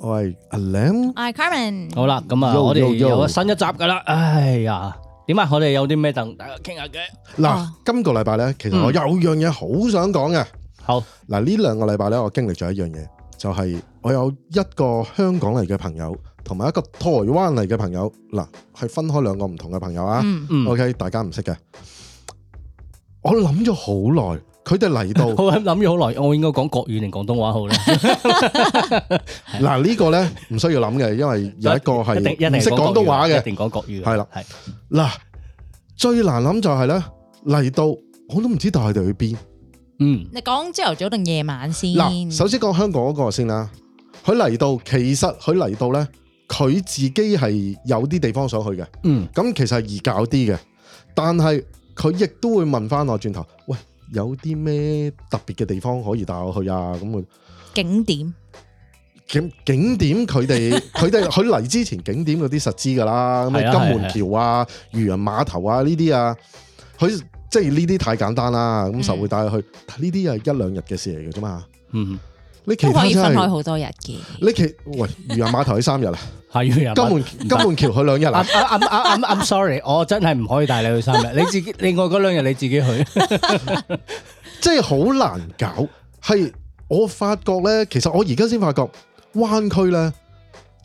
我係 Alex，我係 Carmen，好啦，咁啊，我哋又新一集噶啦。哎呀，點啊？我哋有啲咩等大家傾下嘅？嗱，今個禮拜咧，其實我有樣嘢好想講嘅。好，嗱，呢兩個禮拜咧，我經歷咗一樣嘢，就係我有一個香港嚟嘅朋友，同埋一個台灣嚟嘅朋友，嗱，係分開兩個唔同嘅朋友啊。嗯嗯，OK，大家唔識嘅。我諗咗好耐。佢哋嚟到，我諗咗好耐，我應該講國語定廣東話好咧？嗱， 呢、這個咧唔需要諗嘅，因為有一個係一定識廣東話嘅，一定講國語。係啦的，係嗱最難諗就係咧嚟到，我都唔知帶佢哋去邊。嗯，你講朝頭早定夜晚先？首先講香港嗰個先啦。佢嚟到，其實佢嚟到咧，佢自己係有啲地方想去嘅。嗯，咁其實係易搞啲嘅，但係佢亦都會問翻我轉頭。有啲咩特別嘅地方可以帶我去啊？咁啊點，景點景景點佢哋佢哋佢嚟之前景點嗰啲實知㗎啦，咩、啊、金門橋啊、漁、啊啊、人碼頭啊呢啲啊，佢即係呢啲太簡單啦。咁就會帶佢去呢啲，係、嗯、一兩日嘅事嚟嘅啫嘛。嗯。你可以分開好多日嘅，你其喂漁人碼頭去三日啦，係金門金門橋去兩日啦。I'm, I'm, I'm,I'm sorry， 我真係唔可以帶你去三日，你自己另外嗰兩日你自己去， 即係好難搞。係我發覺咧，其實我而家先發覺灣區咧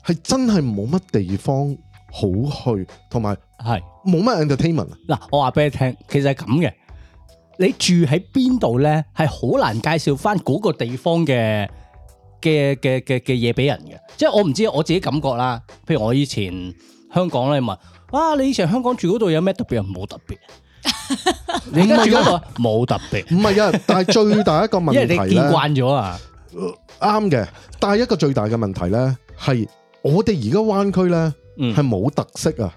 係真係冇乜地方好去，同埋係冇乜 entertainment 是。嗱，我話俾你聽，其實係咁嘅。你住喺邊度咧，係好難介紹翻嗰個地方嘅嘅嘅嘅嘅嘢俾人嘅。即係我唔知我自己感覺啦。譬如我以前香港咧，問，哇、啊，你以前香港住嗰度有咩特別啊？冇特別。你而家住嗰度冇特別，唔係啊？但係最大一個問題咧， 你見慣咗啊，啱嘅。但係一個最大嘅問題咧，係我哋而家灣區咧，係冇、嗯、特色啊。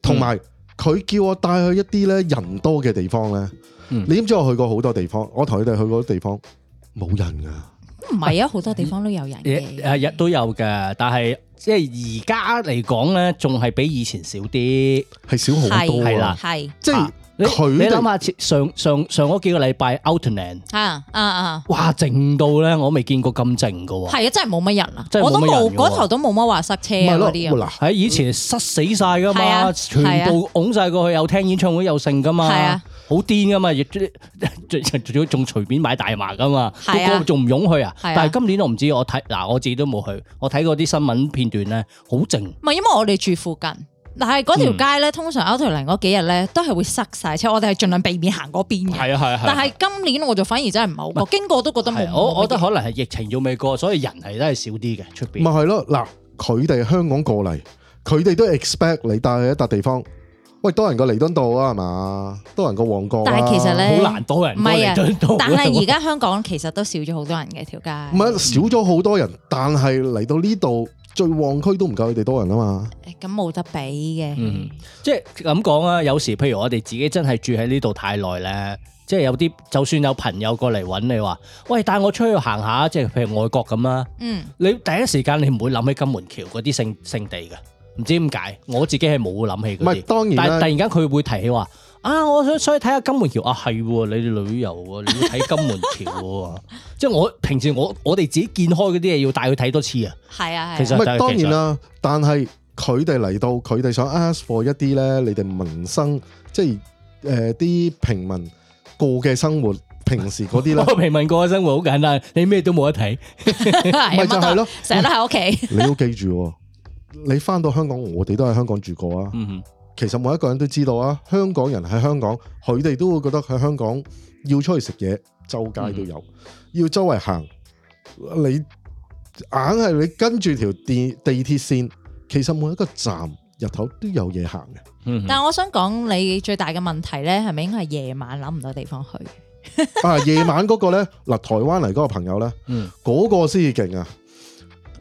同埋佢叫我帶去一啲咧人多嘅地方咧。你知唔知我去過好多地方？我同佢哋去嗰啲地方冇人噶，唔係啊！好多地方都有人嘅，日日都有嘅。但係即係而家嚟講咧，仲係比以前少啲，係少好多啊！係，即係佢。你諗下上上上嗰幾個禮拜 Outland 啊啊啊！哇，靜到咧，我未見過咁靜噶。係啊，真係冇乜人啊，我都冇嗰頭都冇乜話塞車啊嗰啲。喺以前塞死晒噶嘛，全部㧬晒過去，又聽演唱會又盛噶嘛。好癲噶嘛，亦仲仲隨便買大麻噶嘛，個仲唔勇去啊？但係今年我唔知，我睇嗱，我自己都冇去，我睇嗰啲新聞片段咧，好靜。唔係因為我哋住附近，但係嗰條街咧，嗯、通常嗰條零嗰幾日咧，都係會塞晒車。我哋係盡量避免行嗰邊嘅。係啊係啊。啊啊但係今年我就反而真係唔好過，啊、經過都覺得冇。啊、我，我覺得可能係疫情仲未過，所以人係都係少啲嘅出邊。咪係咯，嗱、啊，佢哋香港過嚟，佢哋都 expect 你帶去一笪地方。喂，多人過彌敦道啊，係嘛？多人過旺角，但係其實咧好難多人過彌敦道。唔係啊，但係而家香港其實都少咗好多人嘅條街。唔係 少咗好多人，嗯、但係嚟到呢度最旺區都唔夠佢哋多人啊嘛。咁冇、欸、得比嘅、嗯，即係咁講啊。有時譬如我哋自己真係住喺呢度太耐咧，即係有啲就算有朋友過嚟揾你話：喂，帶我出去行下，即係譬如外國咁啊。」嗯，你第一時間你唔會諗起金門橋嗰啲聖聖地㗎。唔知點解，我自己係冇諗起嗰啲，但係突然間佢會提起話，啊，我想想去睇下金門橋啊，係喎，你哋旅遊你要睇金門橋喎，即係我平時我我哋自己見開嗰啲嘢要帶佢睇多次啊。係啊，係。唔係當然啦，但係佢哋嚟到，佢哋想 ask for 一啲咧，你哋民生即係誒啲平民過嘅生活，平時嗰啲啦。平民過嘅生活好簡單，你咩都冇得睇，咪就係咯，成日都喺屋企。你都記住喎。你翻到香港，我哋都喺香港住過啊！嗯、哼其實每一個人都知道啊，香港人喺香港，佢哋都會覺得喺香港要出去食嘢，周街都有；嗯、哼要周圍行，你硬係你跟住條地地鐵線，其實每一個站日頭都有嘢行嘅。但我想講，你最大嘅問題呢，係咪應該係夜晚諗唔到地方去？啊，夜晚嗰個呢，嗱，台灣嚟嗰個朋友呢，嗰、嗯、個先至勁啊！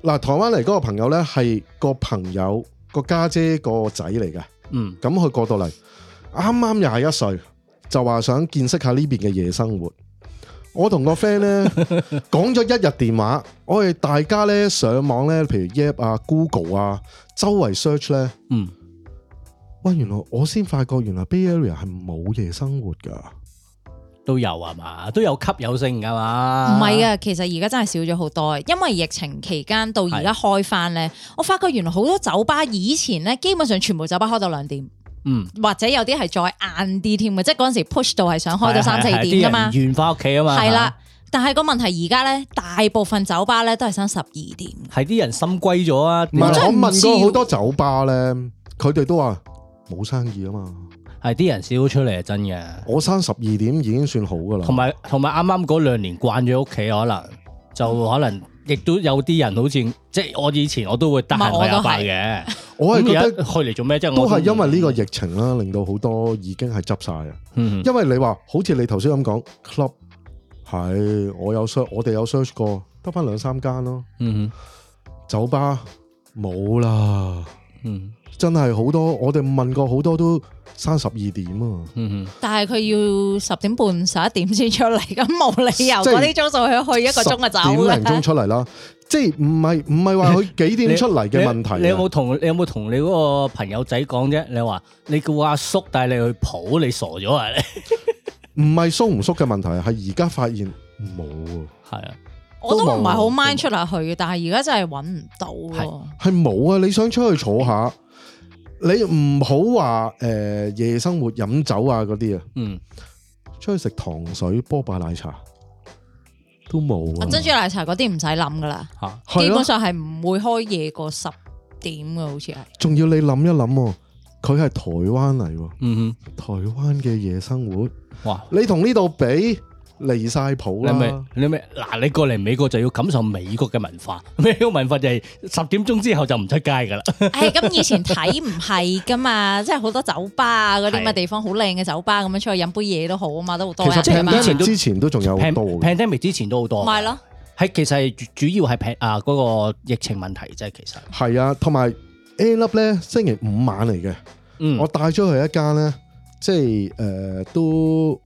嗱，台灣嚟嗰個朋友呢，係個朋友個家姐個仔嚟嘅。嗯，咁佢過到嚟，啱啱廿一歲，就話想見識下呢邊嘅夜生活。我同個 friend 呢， 講咗一日電話，我哋大家呢，上網呢，譬如 Yahoo 啊、Google 啊，周圍 search 呢。嗯，喂，原來我先發覺原來 Bay Area 係冇夜生活㗎。都有係嘛？都有吸有性，㗎嘛？唔係啊，其實而家真係少咗好多，因為疫情期間到而家開翻咧，是的 我發覺原來好多酒吧以前咧，基本上全部酒吧開到兩點，嗯，或者有啲係再晏啲添嘅，即係嗰陣時 push 到係想開到三四點㗎嘛，完返屋企啊嘛，係啦。但係個問題而家咧，大部分酒吧咧都係三十二點，係啲人心歸咗啊！唔係，我問過好多酒吧咧，佢哋都話冇生意啊嘛。係啲人笑出嚟，係真嘅。我生十二點已經算好㗎喇。同埋同埋，啱啱嗰兩年慣咗屋企，可能就可能亦都有啲人好，好似即係我以前我都會單行下嘅。我係記得去嚟做咩，即係都係因為呢個疫情啦，令到好多已經係執晒啊。嗯嗯，因為你話好似你頭先咁講，club 係我有 search，我哋有 search 過，得返兩三間咯。嗯哼、嗯，酒吧冇啦。嗯，真係好多，我哋問過好多都。三十二點啊，嗯、哼但係佢要十點半、十一點先出嚟，咁冇理由。即係啲鐘數去去一個鐘嘅就走點零鐘出嚟啦。 即係唔係唔係話佢幾點出嚟嘅問題 你你你？你有冇同你有冇同你嗰個朋友仔講啫？你話你叫阿叔帶你去抱，你傻咗啊？你唔係疏唔疏嘅問題，係而家發現冇啊。係啊，我都唔係好 mind 出下去嘅，但係而家真係揾唔到。係冇啊！你想出去坐下？ 你唔好話，誒，夜生活飲酒啊嗰啲啊，嗯，出去食糖水波霸奶茶都冇啊，珍珠奶茶嗰啲唔使諗噶啦，吓，基本上係唔會開夜過十點嘅，好似係。仲要你諗一諗，佢係台灣嚟，嗯哼，台灣嘅夜生活，哇！你同呢度比。離晒譜啦！你咩？你咩？嗱，你過嚟美國就要感受美國嘅文化。美國嘅文化就係十點鐘之後就唔出街噶啦。係咁，以前睇唔係噶嘛，即係好多酒吧啊嗰啲咁嘅地方，好靚嘅酒吧咁樣出去飲杯嘢，都好啊嘛，都好多人啊嘛。pandemic，咪之前都仲有 pandemic，咪之前都好多。咪咯，喺其實係主要係 pandemic 嗰個疫情問題，即係其實係啊，同埋 AirUp 咧，星期五晚嚟嘅。嗯，我帶咗去一間咧，即係誒都。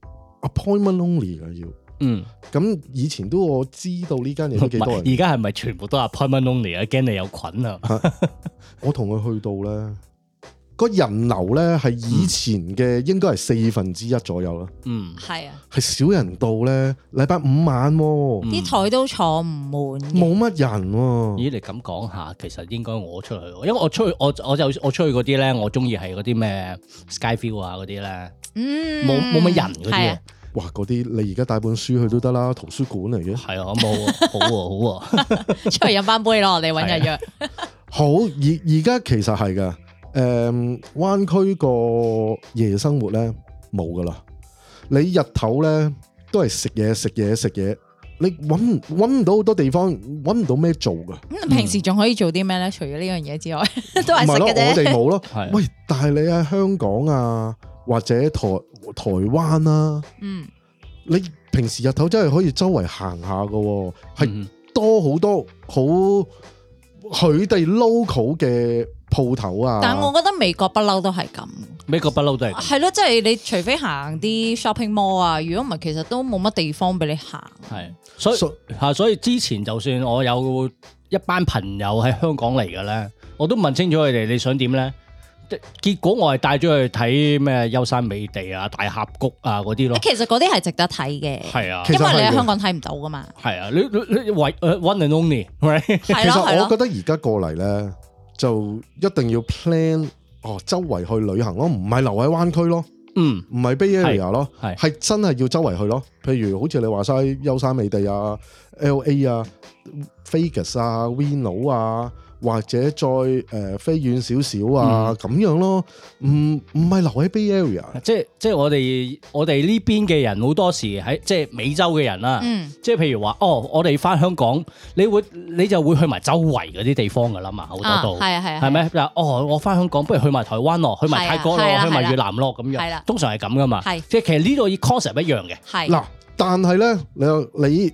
appointment only 啊要，嗯，咁以前都我知道呢間嘢都幾多，而家係咪全部都 appointment only 啊？驚你有菌啊？我同佢去到咧。個人流咧係以前嘅應該係四分之一左右啦。嗯，係、嗯、啊，係少人到咧，禮拜五晚喎，啲台都坐唔滿，冇乜人喎。咦，你咁講下，其實應該我出去，因為我出去，我我就我出去嗰啲咧，我中意係嗰啲咩 Sky View、嗯、啊嗰啲咧，冇冇乜人嗰啲哇，嗰啲你而家帶本書去都得啦，圖書館嚟嘅。係啊，冇好好啊，好啊好啊 出去飲翻杯咯，我哋揾日約、啊。好，而而家其實係噶。誒，灣區個夜生活咧冇噶啦，你日頭咧都係食嘢、食嘢、食嘢，你搵、搵唔到好多地方，搵唔到咩做噶。平時仲可以做啲咩咧？除咗呢樣嘢之外，都係食嘅啫。唔係咯，我哋冇咯。係，喂，但係你喺香港啊，或者台、台灣啊，嗯，你平時日頭真係可以周圍行下噶，係多好多好，佢哋 local 嘅。.鋪頭啊！但係我覺得美國不嬲都係咁，美國不嬲都係係咯，即係你除非行啲 shopping mall 啊，如果唔係，其實都冇乜地方俾你行。係，所以吓 So、啊，所以之前就算我有一班朋友喺香港嚟嘅咧，我都問清楚佢哋你想點咧？結果我係帶咗去睇咩優山美地啊、大峽谷啊嗰啲咯。其實嗰啲係值得睇嘅，係啊，因為你喺香港睇唔到噶嘛。係啊，你你你 one and only，係、right? 咯、啊。 其實我覺得而家過嚟咧。就一定要 plan 哦，周圍去旅行咯，唔係留喺灣區咯，嗯，唔係 Bay Area 咯是，係真係要周圍去咯。譬如好似你話晒優山美地啊、LA 啊、Vegas 啊、Reno 啊，或者再誒飛遠少少啊咁樣咯，唔，唔係留喺 Bay Area，即係即係我哋我哋呢邊嘅人好多時喺即係美洲嘅人啦，即係譬如話哦，我哋翻香港，你會你就會去埋周圍嗰啲地方㗎啦嘛，好多度。係啊，係係係咪嗱哦，我翻香港不如去埋台灣咯，去埋泰國咯，去埋越南咯咁樣，通常係咁㗎嘛，即係其實呢度以 concept 一樣嘅嗱，但係咧你你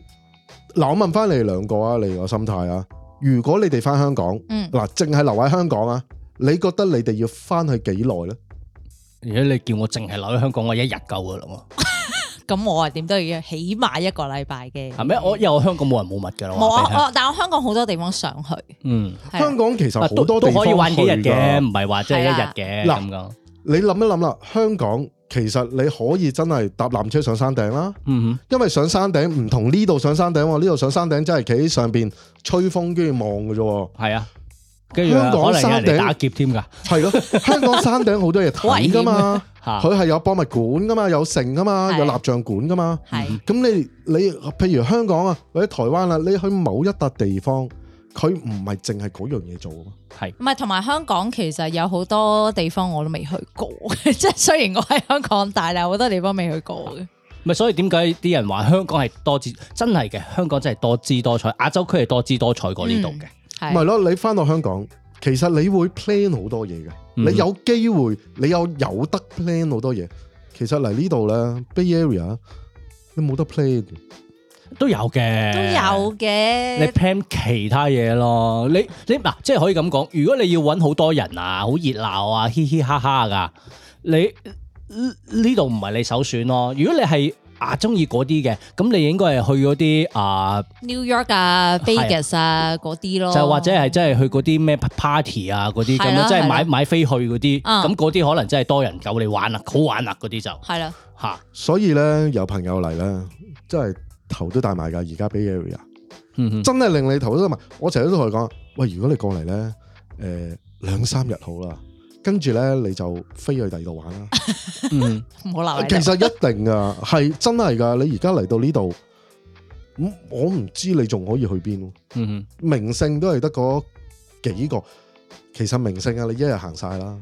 嗱我問翻你兩個啊，你個心態啊？如果你哋翻香港，嗱，淨係留喺香港啊，你覺得你哋要翻去幾耐咧？如果你叫我淨係留喺香港，我一日夠噶啦。咁我啊，點都要起碼一個禮拜嘅。係咩？我因為我香港冇人冇物噶啦。冇啊！我但係我香港好多地方想去。嗯，香港其實好多地方都可以玩幾日嘅，唔係話即係一日嘅。嗱，你諗一諗啦，香港。其實你可以真係搭纜車上山頂啦，嗯、哼因為上山頂唔同呢度上山頂喎，呢度上山頂真係企喺上邊吹風跟住望嘅啫喎。係啊，跟住香港山頂打劫添㗎，係咯，香港山頂好多嘢睇㗎嘛，佢係有博物館㗎嘛，有城㗎嘛，有蠟像館㗎嘛。係、啊，咁你你譬如香港啊或者台灣啊，你去某一笪地方。佢唔係淨係嗰樣嘢，做咯，係唔係？同埋香港其實有好多地方我都未去過，即係雖然我喺香港大啦，好多地方未去過嘅。唔係，所以點解啲人話香港係多姿？真係嘅，香港真係多姿多彩。亞洲區係多姿多彩過呢度嘅，係咪咯？你翻到香港，其實你會 plan 好多嘢嘅，你有機會，你有有得 plan 好多嘢。其實嚟呢度咧，Bay Area 你冇得 plan。都有嘅，都有嘅。你 plan 其他嘢咯，你你，嗱，即係可以咁講。如果你要揾好多人啊，好熱鬧啊，嘻嘻哈哈噶你呢度唔係你首選咯。如果你係啊中意嗰啲嘅，咁你應該係去嗰啲啊 New York 啊，Vegas 啊嗰啲咯。就或者係真係去嗰啲咩 party 啊嗰啲咁樣，即係買買飛去嗰啲，咁嗰啲可能真係多人夠你玩啊，好玩啊嗰啲就係啦吓。所以咧，有朋友嚟咧，真係。頭都帶埋噶，而家 Bay Area 真係令你頭都帶埋。我成日都同佢講，喂，如果你過嚟咧，誒、呃，兩三日好啦，跟住咧你就飛去第二度玩啦。嗯，好鬧、嗯、其實一定啊，係真係噶。你而家嚟到呢度，咁我唔知你仲可以去邊？嗯哼，名勝都係得嗰幾個，其實名勝啊，你一日行晒啦。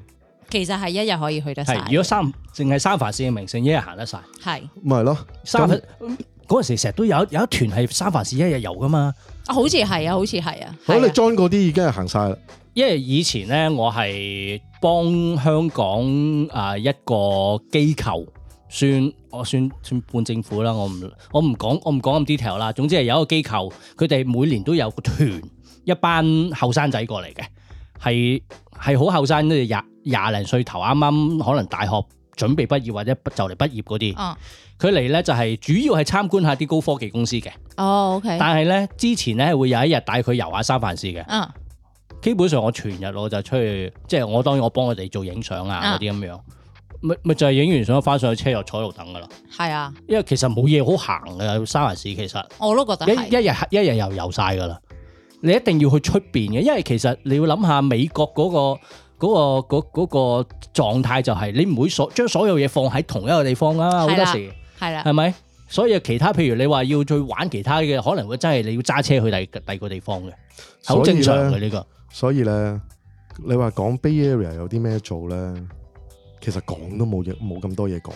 其實係一日可以去得晒。如果三淨係三藩市嘅名勝，一日行得晒。係咪咯？就是、三,三,三,三嗰陣時成日都有一有一團係三藩市一日遊，噶嘛，啊好似係啊，好似係啊，好，啊好啊你 join 嗰啲已經係行曬啦。因為以前咧，我係幫香港啊一個機構，算我算算半政府啦。我唔我唔講我唔講咁 detail 啦。總之係有一個機構，佢哋每年都有個團，一班後生仔過嚟嘅，係係好後生，都廿廿零歲頭，啱啱可能大學。準備畢業或者畢業，嗯，就嚟畢業嗰啲，佢嚟咧就係主要係參觀下啲高科技公司嘅。哦，O K。Okay，但係咧之前咧會有一日帶佢遊下三藩市嘅。嗯，基本上我全日我就出去，即係我當然我幫佢哋做影相啊嗰啲咁樣，咪咪就係影完相翻上去車又坐度等噶啦。係啊，因為其實冇嘢好行嘅三藩市，其實我都覺得一一日一日又遊晒噶啦。你一定要去出邊嘅，因為其實你要諗下美國嗰，嗰個。嗰、那個嗰嗰、那個、狀態就係你唔會所將所有嘢放喺同一個地方啦，好的多時係啦係咪？所以其他譬如你話要再玩其他嘅，可能會真係你要揸車去第第二個地方嘅，好正常嘅呢、這個。所以咧，你話講 Bay Area 有啲咩做咧？其實講都冇嘢，冇咁多嘢講。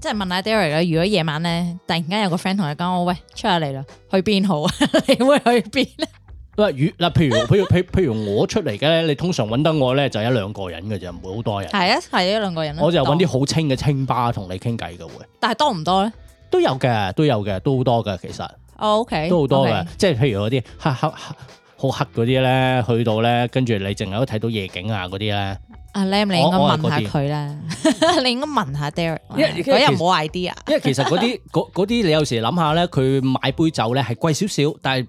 即係問下 Derry 啦，如果夜晚咧突然間有個 friend 同你講：喂出下嚟啦，去邊好？ 你會去邊？ 喂，嗱，譬如譬如譬如我出嚟嘅咧，你通常揾得我咧就一兩個人嘅啫，唔會好多人。係啊，係一兩個人。我就揾啲好清嘅清吧同你傾偈嘅會。但係多唔多咧？都有嘅，都有嘅，都好多嘅其實。Oh, okay。都好多嘅，即係譬如嗰啲黑黑黑好黑嗰啲咧，去到咧，跟住你淨係都睇到夜景啊嗰啲咧。阿 Lam，你應該問下佢啦。Oh, 嗰邊，你應該問下 Derek，我又冇 idea 其實。因為其實嗰啲嗰啲，你有時諗下咧，佢買杯酒咧係貴少少，但係。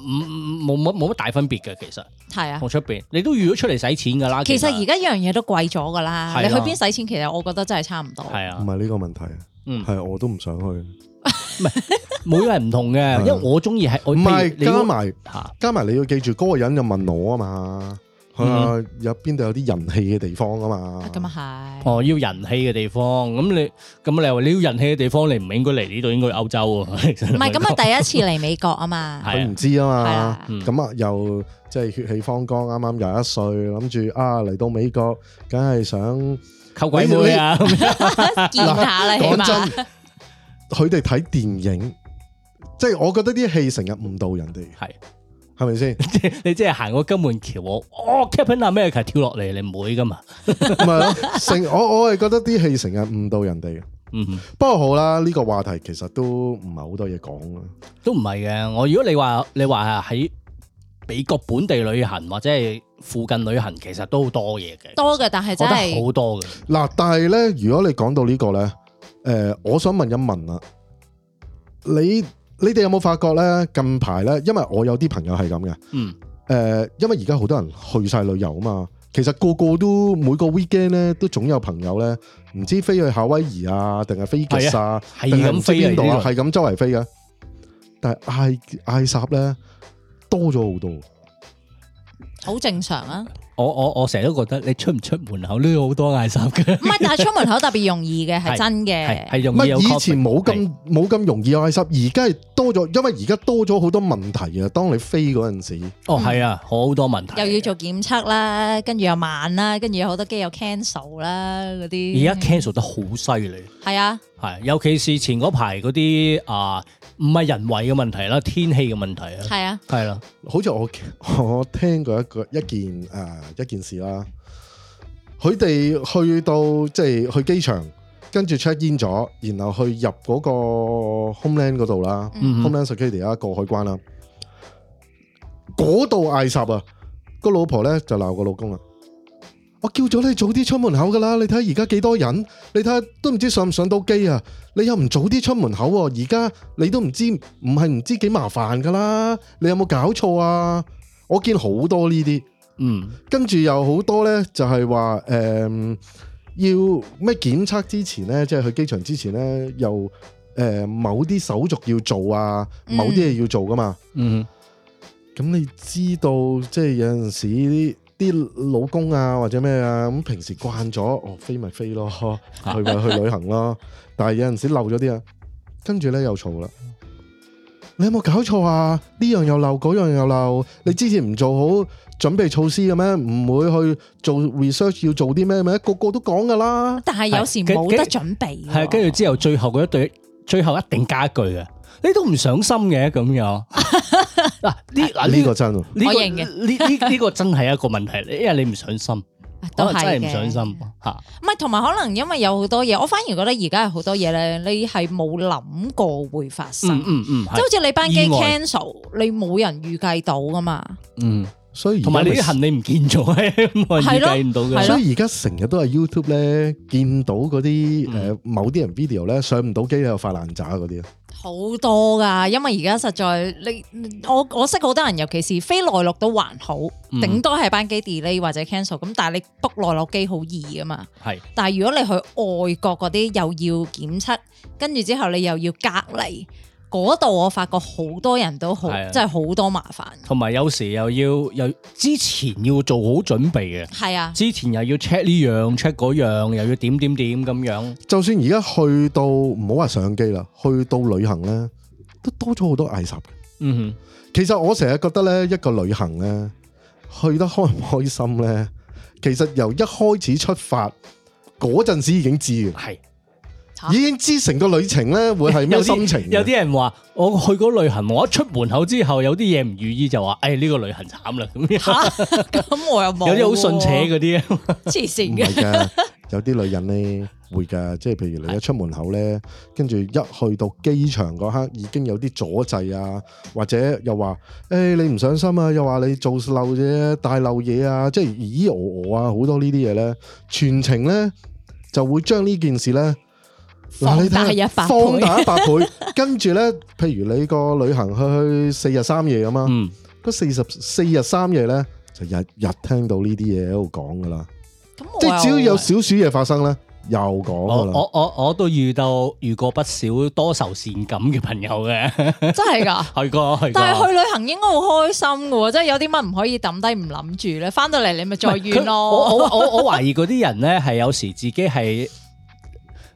唔冇乜冇乜大分別嘅其實，係啊，同出邊你都預咗出嚟使錢噶啦。其實而家一樣嘢都貴咗噶啦，你，是、啊、你去邊使錢，其實我覺得真係差唔多。係是啊，唔係呢個問題，係、嗯啊、我都唔想去， 唔係每個人唔同嘅，是啊、因為我中意係外面唔係你加埋加埋你要記住嗰、那個人就問我啊嘛。啊！有邊度有啲人氣嘅地方啊嘛，咁啊係哦，要人氣嘅地方，咁你咁你又話你要人氣嘅地方，你唔應該嚟呢度，應該歐洲啊。唔係咁啊，第一次嚟美國啊嘛，佢唔知啊嘛，咁啊又即係血氣方剛，啱啱廿一歲，諗住啊嚟到美國，梗係想求鬼妹啊，見下你，起碼。佢哋睇電影，即係我覺得啲戲成日誤導人哋，係。係咪先？即係 你即係行個金門橋，哦、oh，Captain America 跳落嚟，你唔會噶嘛？唔係咯，成我我係覺得啲戲成日誤導人哋嘅。嗯、mm，hmm。不過好啦，呢、這個話題其實都唔係好多嘢講嘅。都唔係嘅，我如果你話你話喺美國本地旅行或者係附近旅行，其實都好多嘢嘅。多嘅，但係真係好多嘅。嗱，但係咧，如果你講到呢、這個咧，誒、呃，我想問一問啦，你。你哋有冇發覺咧？近排咧，因為我有啲朋友係咁嘅，嗯，誒、呃，因為而家好多人去晒旅遊啊嘛，其實個個都每個 weekend 咧都總有朋友咧，唔知飛去夏威夷啊，定係飛吉薩，係咁飛邊度啊，係咁周圍飛嘅，啊，啊飛嗯、但係埃及咧多咗好多，好正常啊。我我我成日都覺得你出唔出門口都好多嗌濕嘅。唔 係，但係出門口特別容易嘅係真嘅。係係容易有確診。以前冇咁冇咁容易嗌濕，而家多咗，因為而家多咗好多問題啊！當你飛嗰陣時，嗯、哦係啊，好多問題。又要做檢測啦，跟住又慢啦，跟住好多機有 cancel 啦嗰啲。而家 cancel 得好犀利。係啊。係，尤其是前嗰排嗰啲啊，唔係人為嘅問題啦，天氣嘅問題啊。係啊。係咯，好似我我聽過一個一件誒。啊一件事啦，佢哋去到即係去機場，跟住 check in 咗，然後去入嗰個 Homeland 度啦。Mm hmm. Homeland Security 啊，過海關啦。嗰度嗌霎啊，個老婆咧就鬧個老公啊。我叫咗你早啲出門口噶啦，你睇下而家幾多人，你睇下都唔知上唔上到機啊。你又唔早啲出門口，啊，而家你都唔知，唔係唔知幾麻煩噶啦。你有冇搞錯啊？我見好多呢啲。嗯，跟住有好多咧，就係話誒，要咩檢測之前咧，即係去機場之前咧，又誒、呃、某啲手續要做啊，嗯、某啲嘢要做噶嘛嗯。嗯，咁你知道即係有陣時啲老公啊或者咩啊，咁平時慣咗，哦飛咪飛咯，去咪去旅行咯。 但係有陣時漏咗啲啊，跟住咧又嘈啦。你有冇搞錯啊？呢樣又漏，嗰樣，樣又漏，你之前唔做好。準備措施嘅咩？唔會去做 research，要做啲咩嘅咩？個個都講噶啦。但係有時冇得準備。係跟住之後，最後嗰一對，最後一定加一句嘅，你都唔上心嘅咁樣。嗱，呢嗱呢個真，我認嘅。呢呢呢個真係一個問題，因為你唔上心，我真係唔上心吓。唔係同埋可能因為有好多嘢，我反而覺得而家有好多嘢咧，你係冇諗過會發生。嗯嗯嗯，即係好似你班機 cancel，你冇人預計到噶嘛。嗯。所以同埋你啲行李唔見咗，冇人預計唔到嘅。所以而家成日都係 YouTube 咧見到嗰啲誒某啲人 video 咧上唔到機又發爛渣嗰啲啊！好多㗎，因為而家實在你我我識好多人，尤其是飛內陸都還好，頂多係班機 delay 或者 cancel。咁但係你 book 內陸機好易㗎嘛。係。但係如果你去外國嗰啲又要檢測，跟住之後你又要隔離。嗰度我發覺好多人都好，即係好多麻煩。同埋有時又要又之前要做好準備嘅，係是啊，之前又要 check 呢樣 check 嗰樣，又要點點點咁樣。就算而家去到唔好話上機啦，去到旅行呢，都多咗好多 I 十。嗯哼，其實我成日覺得呢一個旅行呢，去得開唔開心呢？其實由一開始出發嗰陣時已經知。係。已經知成個旅程咧，會係咩心情？有啲有啲人話，我去過旅行，我一出門口之後，有啲嘢唔如意就話，哎，呢個旅行慘啦咁。咁我又望、啊，有啲好順扯嗰啲啊？黐線嘅有啲女人咧會㗎，即係譬如你一出門口咧，跟住 一去到機場嗰刻，已經有啲阻滯啊，或者又話，誒、欸、你唔上心啊，又話你做漏嘢大漏嘢啊，即係咦呃呃呃呃，爾我我啊，好多呢啲嘢咧，全程咧就會將呢件事咧。嗱你聽，放大一百倍，跟住咧，譬如你個旅行去去四日三夜咁嘛，嗰四十四日三夜咧，就日日聽到呢啲嘢喺度講噶啦。即係只要有少少嘢發生咧，又講噶啦。我我我都遇到遇過不少多愁善感嘅朋友嘅，真係噶，係噶。但係去旅行應該好開心噶喎，即係有啲乜唔可以抌低唔諗住咧，翻到嚟你咪再怨咯。我我我懷疑嗰啲人咧，係有時自己係。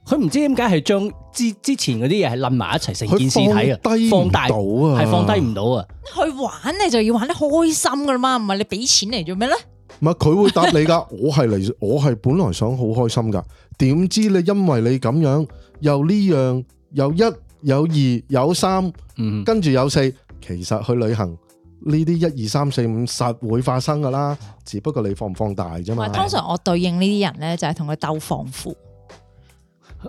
佢唔知點解係將之之前嗰啲嘢，係冧埋一齊，成件事睇嘅，放，放大到啊，係放低唔到啊。去玩你就要玩得開心噶啦嘛，唔係你俾錢嚟做咩咧？唔係佢會答你噶， 我係嚟，我係本來想好開心噶，點知你因為你咁樣又呢樣又一又二又三，嗯，跟住有四，其實去旅行呢啲一二三四五實會發生噶啦，只不過你放唔放大啫嘛。通常我對應呢啲人咧，就係同佢鬥放闊。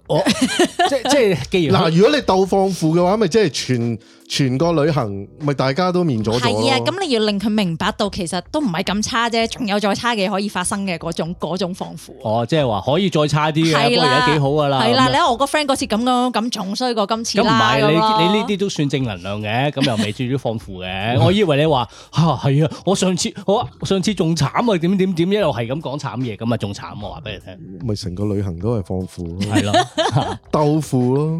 我、oh, 即即係，嗱， 如果你鬥放腐嘅話，咪即係全。全個旅行咪大家都面咗咗，係啊！咁你要令佢明白到，其實都唔係咁差啫，仲有再差嘅可以發生嘅嗰種種放負。哦，即係話可以再差啲嘅，的不過而家幾好噶啦。係啦的，你睇我個 friend 嗰次咁樣咁重衰過今次啦。咁唔係你你呢啲都算正能量嘅，咁又未至於放負嘅。 我以為你話吓係啊，我上次我上次仲慘啊，點點點一路係咁講慘嘢，咁啊，仲慘我話俾你聽。咪成個旅行都係放負，係咯的， 豆腐咯。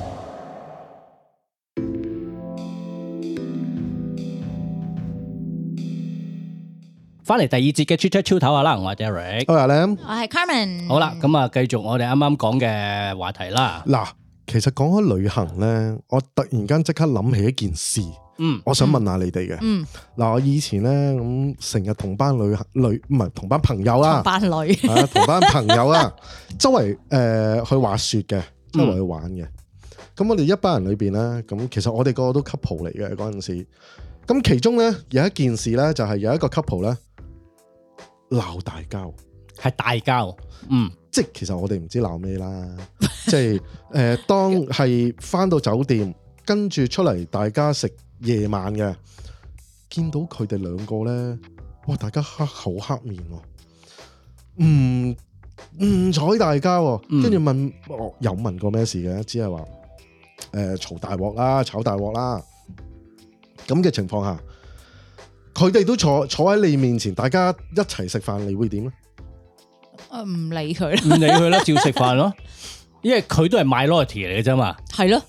翻嚟第二節嘅《Chit Chat 頭》啊啦，All right, 我係 Derek，我係 Lam，我係 Carmen 好啦，咁啊，繼續我哋啱啱講嘅話題啦。嗱，其實講開旅行咧，我突然間即刻諗起一件事。嗯，我想問下你哋嘅。嗯，嗱，我以前咧咁成日同班女、女唔係同班朋友啦，同班女、啊、同班朋友啊， 周圍誒、呃、去滑雪嘅，周圍去玩嘅。咁、嗯、我哋一班人裏邊咧，咁其實我哋個個都 couple 嚟嘅嗰陣時。咁其中咧有一件事咧，就係有一個 couple 咧。 鬧大交，係大交，嗯，即係其實我哋唔知鬧咩啦，即係誒，當係返到酒店，跟住出嚟大家食夜晚嘅，見到佢哋兩個咧，哇，大家黑口黑面哦，唔唔睬大家、哦，跟住問、呃、有問過咩事嘅，只係話誒嘈大鑊啦，炒大鑊啦，咁嘅情況下。佢哋都坐坐喺你面前，大家一齊食飯，你會點咧？啊、呃，唔理佢啦，唔理佢啦，照食飯咯。因為佢都係 minority 嚟嘅啫嘛。係咯，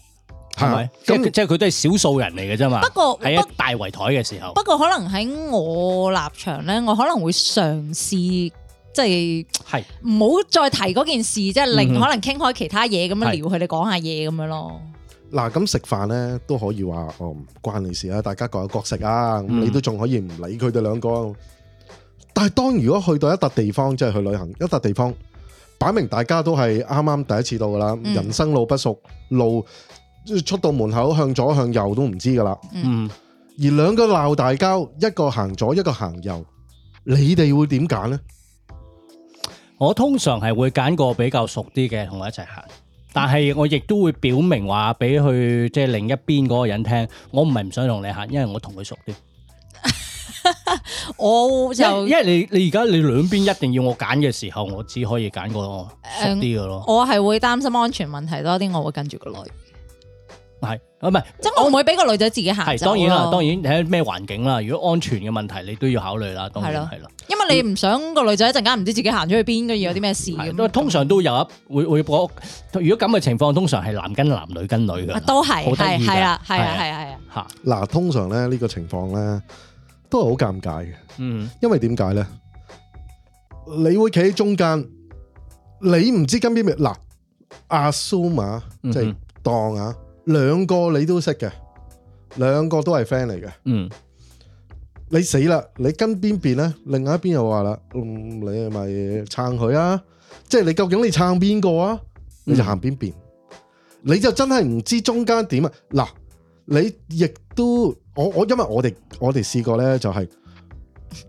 係咪？啊、即係佢都係少數人嚟嘅啫嘛。不過喺一大圍台嘅時候，不，不過可能喺我立場咧，我可能會嘗試即係係唔好再提嗰件事，即係令可能傾開其他嘢，咁樣撩佢哋講下嘢咁樣咯。嗱，咁食、啊、飯呢都可以話，哦，唔關你事啊。大家各有各食啊，嗯、你都仲可以唔理佢哋兩個。但係當如果去到一笪地方，即係去旅行一笪地方，擺明大家都係啱啱第一次到噶啦，嗯、人生路不熟，路出到門口向左向右都唔知噶啦。嗯，而兩個鬧大交，一個行左，一個行右，你哋會點揀呢？我通常係會揀個比較熟啲嘅同我一齊行。但係我亦都會表明話俾佢即係另一邊嗰個人聽，我唔係唔想同你行，因為我同佢熟啲。我就，因為你你而家，你兩邊一定要我揀嘅時候，我只可以揀嗰個熟啲嘅咯。我係會擔心安全問題多啲，我會跟住個女。係，唔係，即係我唔會俾個女仔自己行。係當然啦，當然睇下咩環境啦。如果安全嘅問題，你都要考慮啦。當然係咯，因為你唔想個女仔一陣間唔知自己行咗去邊，跟住有啲咩事。咁通常都有，會會播。如果咁嘅情況，通常係男跟男，女跟女嘅。都係，係係啦，係啊係啊係啊吓。嗱，通常咧呢個情況咧都係好尷尬嘅。嗯，因為點解咧？你會企喺中間，你唔知跟邊咩？嗱，assume 即係當啊。兩個你都識嘅，兩個都係 friend 嚟嘅。嗯，你死啦！你跟邊邊咧？另外一邊又話啦，咁你咪撐佢啊！即係你究竟你撐邊個啊？你就行邊邊，嗯、你就真係唔知中間點啊！嗱，你亦都我我，因為我哋我哋試過咧，就係、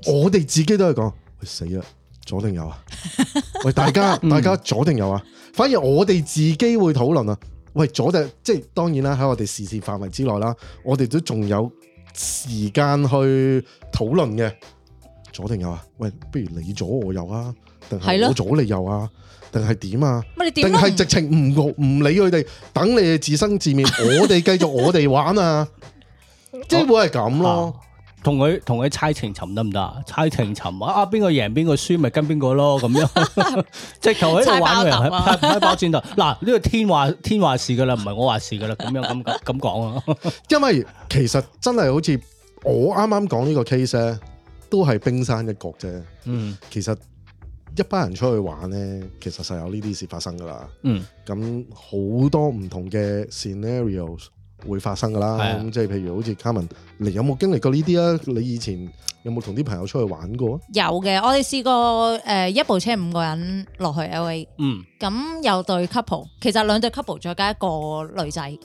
是、我哋自己都係講、哎，死啦，左定右啊！ 喂，大家大家左定右啊？ 嗯、反而我哋自己會討論啊！喂，左定即係當然啦，喺我哋視線範圍之內啦，我哋都仲有時間去討論嘅。左定右啊？喂，不如你左我右啊？定係我左你右啊？定係點啊？定係的直情唔唔理佢哋，等你自生自滅，我哋繼續我哋玩啊！即係會係咁咯。同佢同佢猜情尋得唔得？猜情尋啊！啊，邊個贏邊個輸，咪跟邊個咯咁樣。 直、啊、頭喺度玩完喺包戰度。嗱、啊，呢個天話天話事噶啦，唔係我話事噶啦。咁樣咁咁講啊？ 因為其實真係好似我啱啱講呢個 case 咧，都係冰山一角啫。嗯其，其實一班人出去玩咧，其實實有呢啲事發生噶啦。嗯，咁好多唔同嘅 scenario。會發生噶啦，咁是的 即係譬如好似 Carmen，你有冇經歷過呢啲啊？你以前有冇同啲朋友出去玩過？有嘅，我哋試過誒一部車五個人落去 LA，嗯，咁有對 couple，其實兩對 couple 再加一個女仔，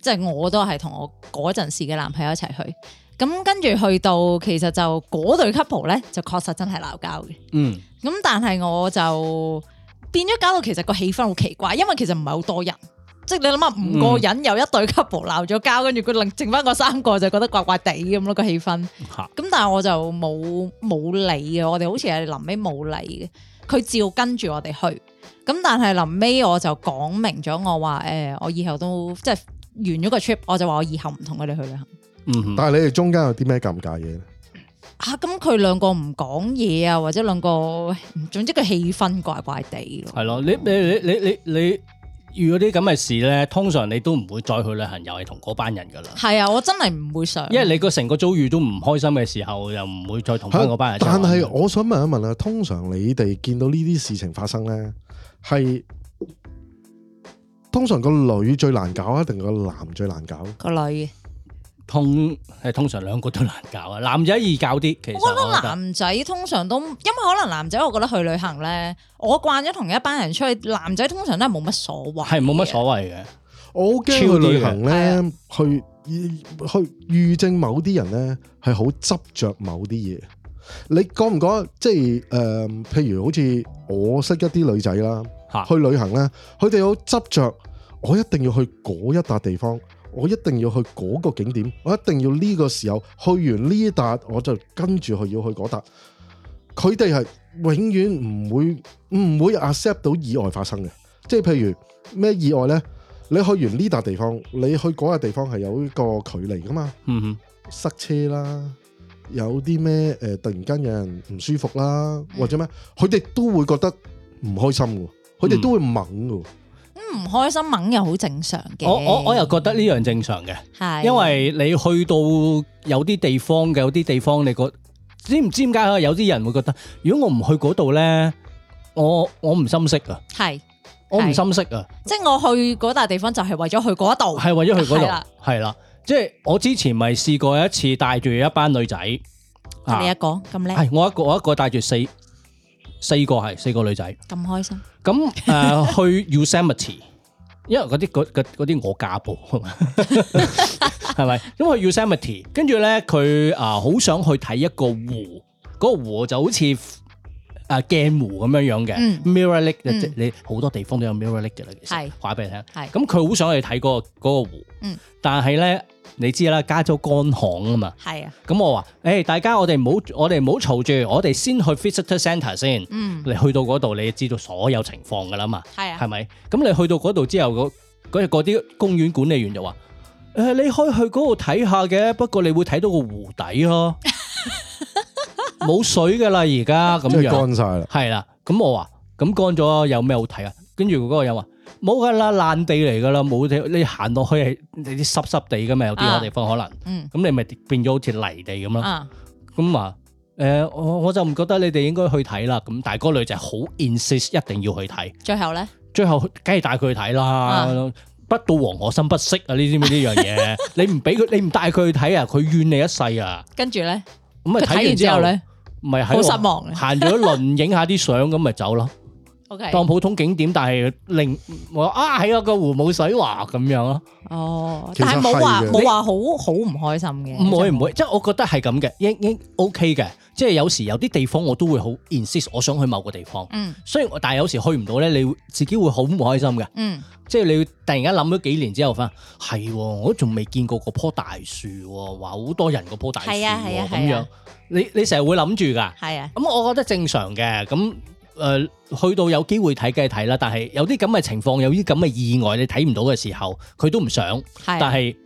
即係我都係同我嗰陣時嘅男朋友一齊去，咁跟住去到其實就嗰對 couple 咧就確實真係鬧交嘅，嗯，咁但係我就變咗搞到其實個氣氛好奇怪，因為其實唔係好多人。即係你諗下，五個人有一對 couple 鬧咗交，跟住佢另剩翻個三個就覺得怪怪地咁咯個氣氛。咁但係我就冇冇理嘅，我哋好似係臨尾冇理嘅，佢照着跟住我哋去。咁但係臨尾我就講明咗，我話誒、哎，我以後都即係完咗個 trip，我就話我以後唔同佢哋去啦。嗯哼，但係你哋中間有啲咩尷尬嘢吓，咁佢、啊、兩個唔講嘢啊，或者兩個，總之個氣氛怪怪地咯。係咯，你你你你你你。你你你你遇到啲咁嘅事呢，通常你都唔會再去旅行，又係同嗰班人㗎喇。係啊，我真係唔會想。因為你個成個遭遇都唔開心嘅時候，又唔會再同嗰班人、啊。但係我想問一問啊，通常你哋見到呢啲事情發生呢，係通常個女最難搞啊，定個男最難搞？難搞個女。通係通常兩個都難搞啊，男仔易搞啲。其實我覺、我覺得男仔通常都，因為可能男仔，我覺得去旅行咧，我慣咗同一班人出去，男仔通常都係冇乜所謂，係冇乜所謂嘅。我好驚、呃、的去旅行咧，去去遇正某啲人咧，係好執着某啲嘢。你覺唔覺得即係誒？譬如好似我識一啲女仔啦，去旅行咧，佢哋好執着，我一定要去嗰一笪地方。我一定要去嗰個景點，我一定要呢個時候去完呢達，我就跟住去要去嗰達。佢哋係永遠唔會唔會 accept 到意外發生嘅，即係譬如咩意外呢？你去完呢達地方，你去嗰個地方係有一個距離噶嘛？嗯哼，塞車啦，有啲咩誒，突然間有人唔舒服啦，或者咩，佢哋都會覺得唔開心嘅，佢哋都會猛嘅。唔開心，懵又好正常嘅。我我我又覺得呢樣正常嘅，係因為你去到有啲地方嘅，有啲地方你覺知唔知點解啊？有啲人會覺得，如果我唔去嗰度咧，我我唔心息啊，係我唔心息啊，即係我去嗰笪地方就係為咗去嗰一度，係為咗去嗰度，係啦，即係我之前咪試過一次帶住一班女仔，你一個咁叻，我一個我一個帶住四。四個係四個女仔，咁開心。咁誒、呃、去 Yosemite，因為嗰啲啲我家暴，係 咪？咁去 Yosemite 跟住咧佢啊，好想去睇一個湖，嗰、嗰個湖就好似。啊鏡湖咁樣樣嘅、嗯、Mirror Lake，即係你好多地方都有 Mirror Lake 嘅啦。其實是，話俾你聽，咁佢好想去睇嗰個嗰個湖，嗯、但係咧你知啦，加州乾旱啊嘛。係啊，咁我話，誒、欸、大家我哋唔好我哋唔好嘈住，我哋先去 Visitor Center 先。嗯，你去到嗰度，你就知道所有情況噶啦嘛。係啊，係咪？咁你去到嗰度之後，嗰啲公園管理員就話：誒、欸，你可以去嗰度睇下嘅，不過你會睇到個湖底咯、啊。 冇水嘅啦，而家咁樣，即係乾晒啦。係啦，咁我話咁乾咗有咩好睇啊？跟住嗰個又話冇噶啦，爛地嚟噶啦，冇你行落去係你啲濕濕地噶嘛，有啲地方可能。嗯，咁你咪變咗好似泥地咁咯。咁啊，誒，我我就唔覺得你哋應該去睇啦。咁但係嗰女仔好 insist 一定要去睇。最後咧，最後梗係帶佢去睇啦。不到黃河心不息啊！你知唔知呢樣嘢，你唔俾佢，你唔帶佢去睇啊，佢怨你一世啊。跟住咧，咁啊睇完之後咧。唔係好失望，行咗一輪影下啲相咁，咪走咯。O K，當普通景點，但係令我啊喺嗰個湖冇水滑咁樣咯。哦，但係冇話冇話好好唔開心嘅，唔會唔會，即係我覺得係咁嘅，應應 O K 嘅。即係有時有啲地方我都會好 insist，我想去某個地方。嗯，所以但係有時去唔到咧，你會自己會好唔開心嘅。嗯，即係你會突然間諗咗幾年之後，翻係，我仲未見過嗰棵大樹，話好多人嗰棵大樹。係啊係啊係啊，咁樣你你成日會諗住噶。係啊，咁我覺得正常嘅咁。誒，去到有機會睇梗係睇啦，但係有啲咁嘅情況，有啲咁嘅意外，你睇唔到嘅時候，佢都唔想。係的，但係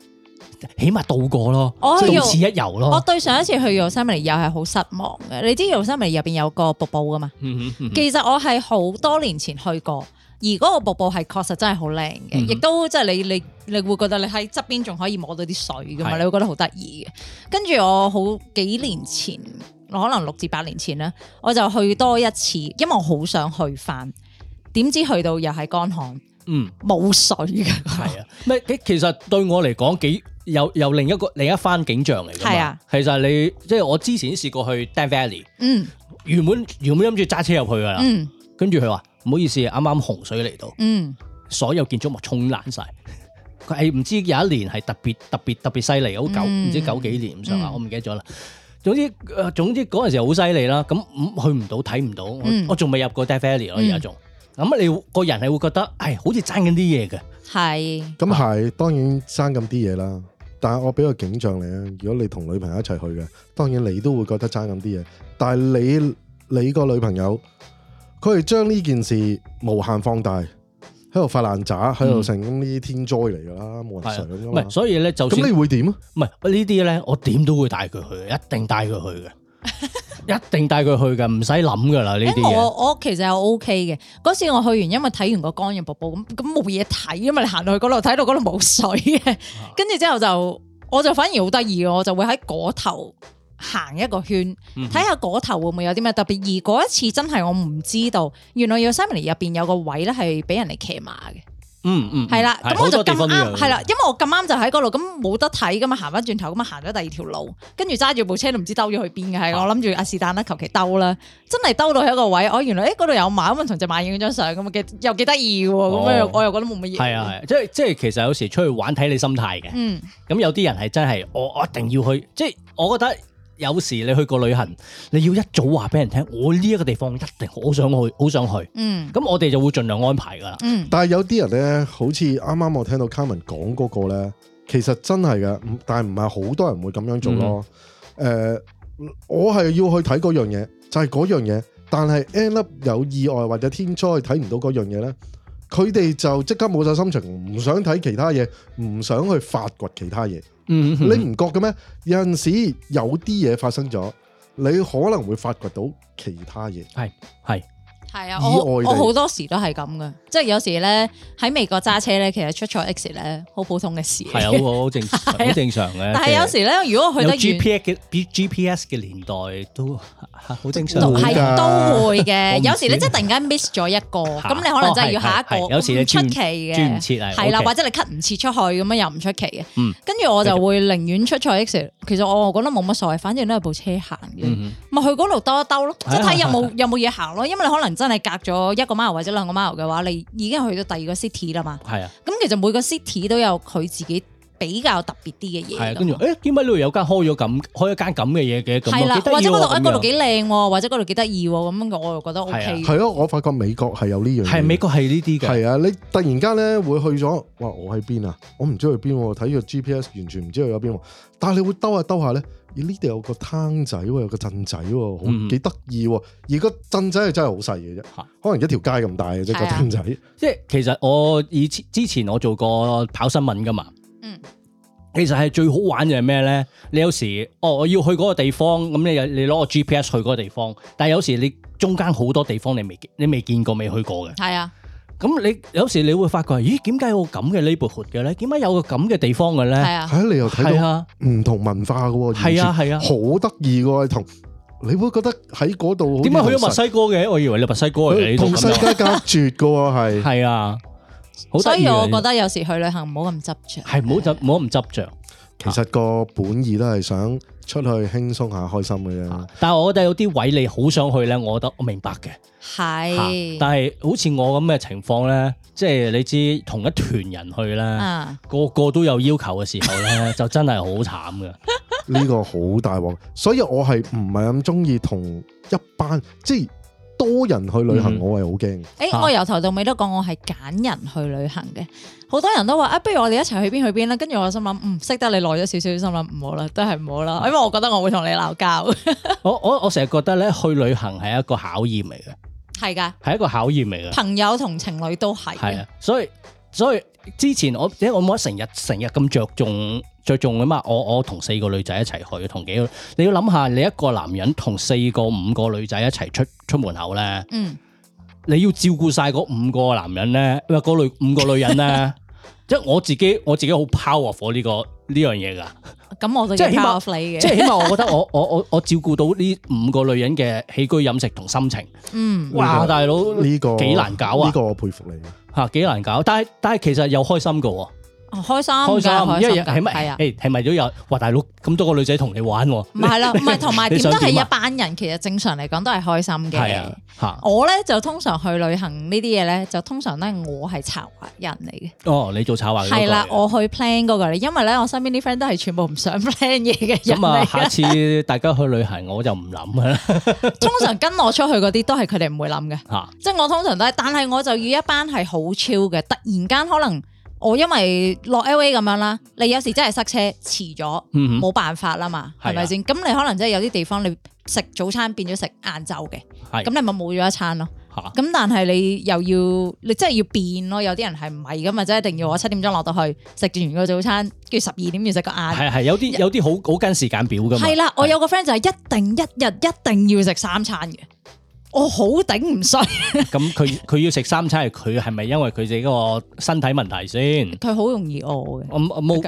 起碼度過咯，即係到此一遊咯。我對上一次去 Yosemite 又係好失望嘅。你知 Yosemite 入邊有個瀑布噶嘛？嗯哼，嗯哼，其實我係好多年前去過，而嗰個瀑布係確實真係好靚嘅，亦、嗯、哼都即係你你你，你會覺得你喺側邊仲可以摸到啲水噶嘛？的你會覺得好得意嘅。跟住我好幾年前。我可能六至八年前咧，我就去多一次，因為我好想去翻。點知去到又係乾旱，嗯，冇水噶。係啊，咩？其實對我嚟講，幾又又另一個另一番景象嚟噶嘛。係啊，其實你即係我之前試過去 Death Valley，嗯原，原本原本諗住揸車入去噶啦，嗯，跟住佢話唔好意思，啱啱洪水嚟到，嗯，所有建築物沖爛晒。佢係唔知有一年係特別特別特別犀利，好九唔知九幾年唔上啦，我唔記得咗啦。總之誒、呃，總之嗰陣時好犀利啦，咁去唔到睇唔到，我仲未入過 Death Valley 而家仲。咁你個人係會覺得，係好似爭緊啲嘢嘅。係。咁係，當然爭咁啲嘢啦。但係我俾個景象你啊，如果你同女朋友一齊去嘅，當然你都會覺得爭緊啲嘢。但係你你個女朋友，佢係將呢件事無限放大。喺度發爛渣，喺度成咁啲天災嚟噶啦，冇得想噶嘛。唔係，所以咧就咁你會點啊？唔係呢啲咧，我點都會帶佢去，一定帶佢去嘅，一定帶佢去嘅，唔使諗噶啦呢啲。我我其實係 O K 嘅。嗰次我去完，因為睇完個乾嘅瀑布，咁咁冇嘢睇，因為你行到去嗰度睇到嗰度冇水嘅。跟住之後就，我就反而好得意咯，我就會喺嗰頭，行一個圈，睇下嗰頭會唔會有啲咩特別？而嗰一次真係我唔知道，原來 Yosemite 入邊有個位咧，係俾人哋騎馬嘅。嗯嗯，係啦的，咁我就咁啱，係啦，因為我咁啱就喺嗰度，咁冇得睇噶嘛，行翻轉頭咁啊，行咗第二條路，跟住揸住部車都唔知兜咗去邊嘅。係我諗住啊，是但啦，求其兜啦，真係兜到喺一個位，我原來誒嗰度有馬，咁啊同隻馬影張相咁啊，又幾得意嘅，咁、哦、我又覺得冇乜嘢。係啊、哦，即係即係其實有時出去玩睇你心態嘅。咁、嗯、有啲人係真係我我一定要去，即係我覺得。有時你去過旅行，你要一早話俾人聽，我呢一個地方一定好想去，好想去。嗯，咁我哋就會盡量安排噶啦。嗯，但係有啲人呢，好似啱啱我聽到 Carmen 講嗰個咧，其實真係嘅，但係唔係好多人會咁樣做咯。誒、嗯呃，我係要去睇嗰樣嘢，就係、是、嗰樣嘢。但係 end up 有意外或者天災睇唔到嗰樣嘢呢。佢哋就即刻冇晒心情，唔想睇其他嘢，唔想去發掘其他嘢。嗯哼，你唔覺嘅咩？有陣時有啲嘢發生咗，你可能會發掘到其他嘢。係，係係啊！意外，我好多時都係咁嘅。即係有時咧喺美國揸車咧，其實出錯 exit 咧好普通嘅事，係啊，好正常，好正常嘅。但係有時咧，如果去得 GPS 嘅年代都好正常，係都會嘅。有時咧即係突然間 miss 咗一個，咁你可能真係要下一個。有時咧出奇嘅，唔係，係啦，或者你 cut 唔切出去咁樣又唔出奇嘅。嗯，跟住我就會寧願出錯 exit。其實我覺得冇乜所謂，反正都係部車行嘅。咪去嗰度兜一兜咯，即係睇有冇有冇嘢行咯。因為你可能真係隔咗一個 mile 或者兩個 mile 嘅話，你已經去到第二個 city 啦嘛，係是啊，咁其實每個 city 都有佢自己比較特別啲嘅嘢，係跟住，誒、欸，點解呢度有間開咗咁，開咗間咁嘅嘢嘅，係啦，或者嗰度，啊，嗰度幾靚喎，或者嗰度幾得意喎，咁樣我又覺得 O K，係咯，我發覺美國係有呢樣嘢，啊，係美國係呢啲嘅，係啊，你突然間咧會去咗，哇，我喺邊啊，我唔知去邊，睇個 G P S 完全唔知道去咗邊，但係你會兜下兜下咧。呢度有個攤仔喎，有個鎮仔喎，好幾得意喎。而個鎮仔係真係好細嘅啫，可能一條街咁大嘅啫是、啊、個鎮仔。是啊、即係其實我以前之前我做過跑新聞㗎嘛，嗯、其實係最好玩嘅係咩咧？你有時哦，我要去嗰個地方，咁你有你攞個 GPS 去嗰個地方，但係有時你中間好多地方你未你未見過、未去過嘅。係啊。咁你有時你會發覺，咦？點解有個咁嘅 neighborhood 嘅咧？點解有個咁嘅地方嘅咧？係啊，係啊，你又睇到啊，唔同文化嘅喎，係啊係啊，好得意嘅同，你會覺得喺嗰度點解去咗墨西哥嘅？我以為你墨西哥嚟嘅，同世界隔絕嘅喎係？係啊，所以我覺得有時去旅行唔好咁執著，係唔好執唔好咁執著。其實個本意都係想，出去輕鬆下，開心嘅啫，啊。但係我覺得有啲位你好想去咧，我覺得我明白嘅。係是、啊，但係好似我咁嘅情況咧，即係你知同一團人去咧，啊、個個都有要求嘅時候咧， 就真係好慘㗎。呢個好大鑊，所以我係唔係咁中意同一班即係。多人去旅行，我係好驚。誒，我由頭到尾都講我係揀人去旅行嘅。好多人都話啊，不如我哋一齊去邊去邊啦。跟住我心諗，唔識得你耐咗少少，心諗唔好啦，都係唔好啦。因為我覺得我會同你鬧交。我我我成日覺得咧，去旅行係一個考驗嚟嘅。係㗎，係一個考驗嚟嘅。朋友同情侶都係。係啊，所以所以之前我即係我冇得成日成日咁着重。着重啊嘛。我我同四個女仔一齊去，同幾個你要諗下，你一個男人同四個五個女仔一齊出出門口咧，嗯，你要照顧晒嗰五個男人咧，唔係嗰女五個女人咧， 即係我自己，我自己好 powerful 呢，呢個呢樣嘢噶。咁我就即係 powerful 你嘅，即係 起碼，我覺得我我我我照顧到呢五個女人嘅起居飲食同心情。嗯，哇，大佬呢個幾難搞啊！呢個我佩服你吓，幾難搞。但係但係，其實又開心噶。哦，開心㗎，一日係咪？係啊，係咪都有？哇，大佬咁多個女仔同你玩喎！唔係啦，唔係同埋點都係一班人。其實正常嚟講都係開心嘅。係啊，嚇！我咧就通常去旅行呢啲嘢咧，就通常咧我係策劃人嚟嘅。哦，你做策劃係啦，我去 plan 嗰個咧，因為咧我身邊啲 friend 都係全部唔想 plan 嘢嘅人嚟嘅。咁啊，下次大家去旅行，我就唔諗㗎啦。通常跟我出去嗰啲都係佢哋唔會諗嘅。嚇！即係我通常都係，但係我就要一班係好超嘅，突然間可能。我因為落 L A 咁樣啦，你有時真係塞車遲咗，冇辦法啦嘛，係咪先？咁吧你可能真係有啲地方你食早餐變咗食晏晝嘅，咁的你咪冇咗一餐咯。咁哈但係你又要，你真係要變咯。有啲人係唔係㗎嘛？真係一定要我七點鐘落到去食完個早餐，跟住十二點要食個晏。係係，有啲有啲好好跟時間表噶。係啦，我有個 friend 就係一定一日一定要食三餐嘅。我好頂唔順。咁佢，佢要食三餐，係佢係咪因為佢自己個身體問題先？佢好 容易餓嘅。我 我冇冇。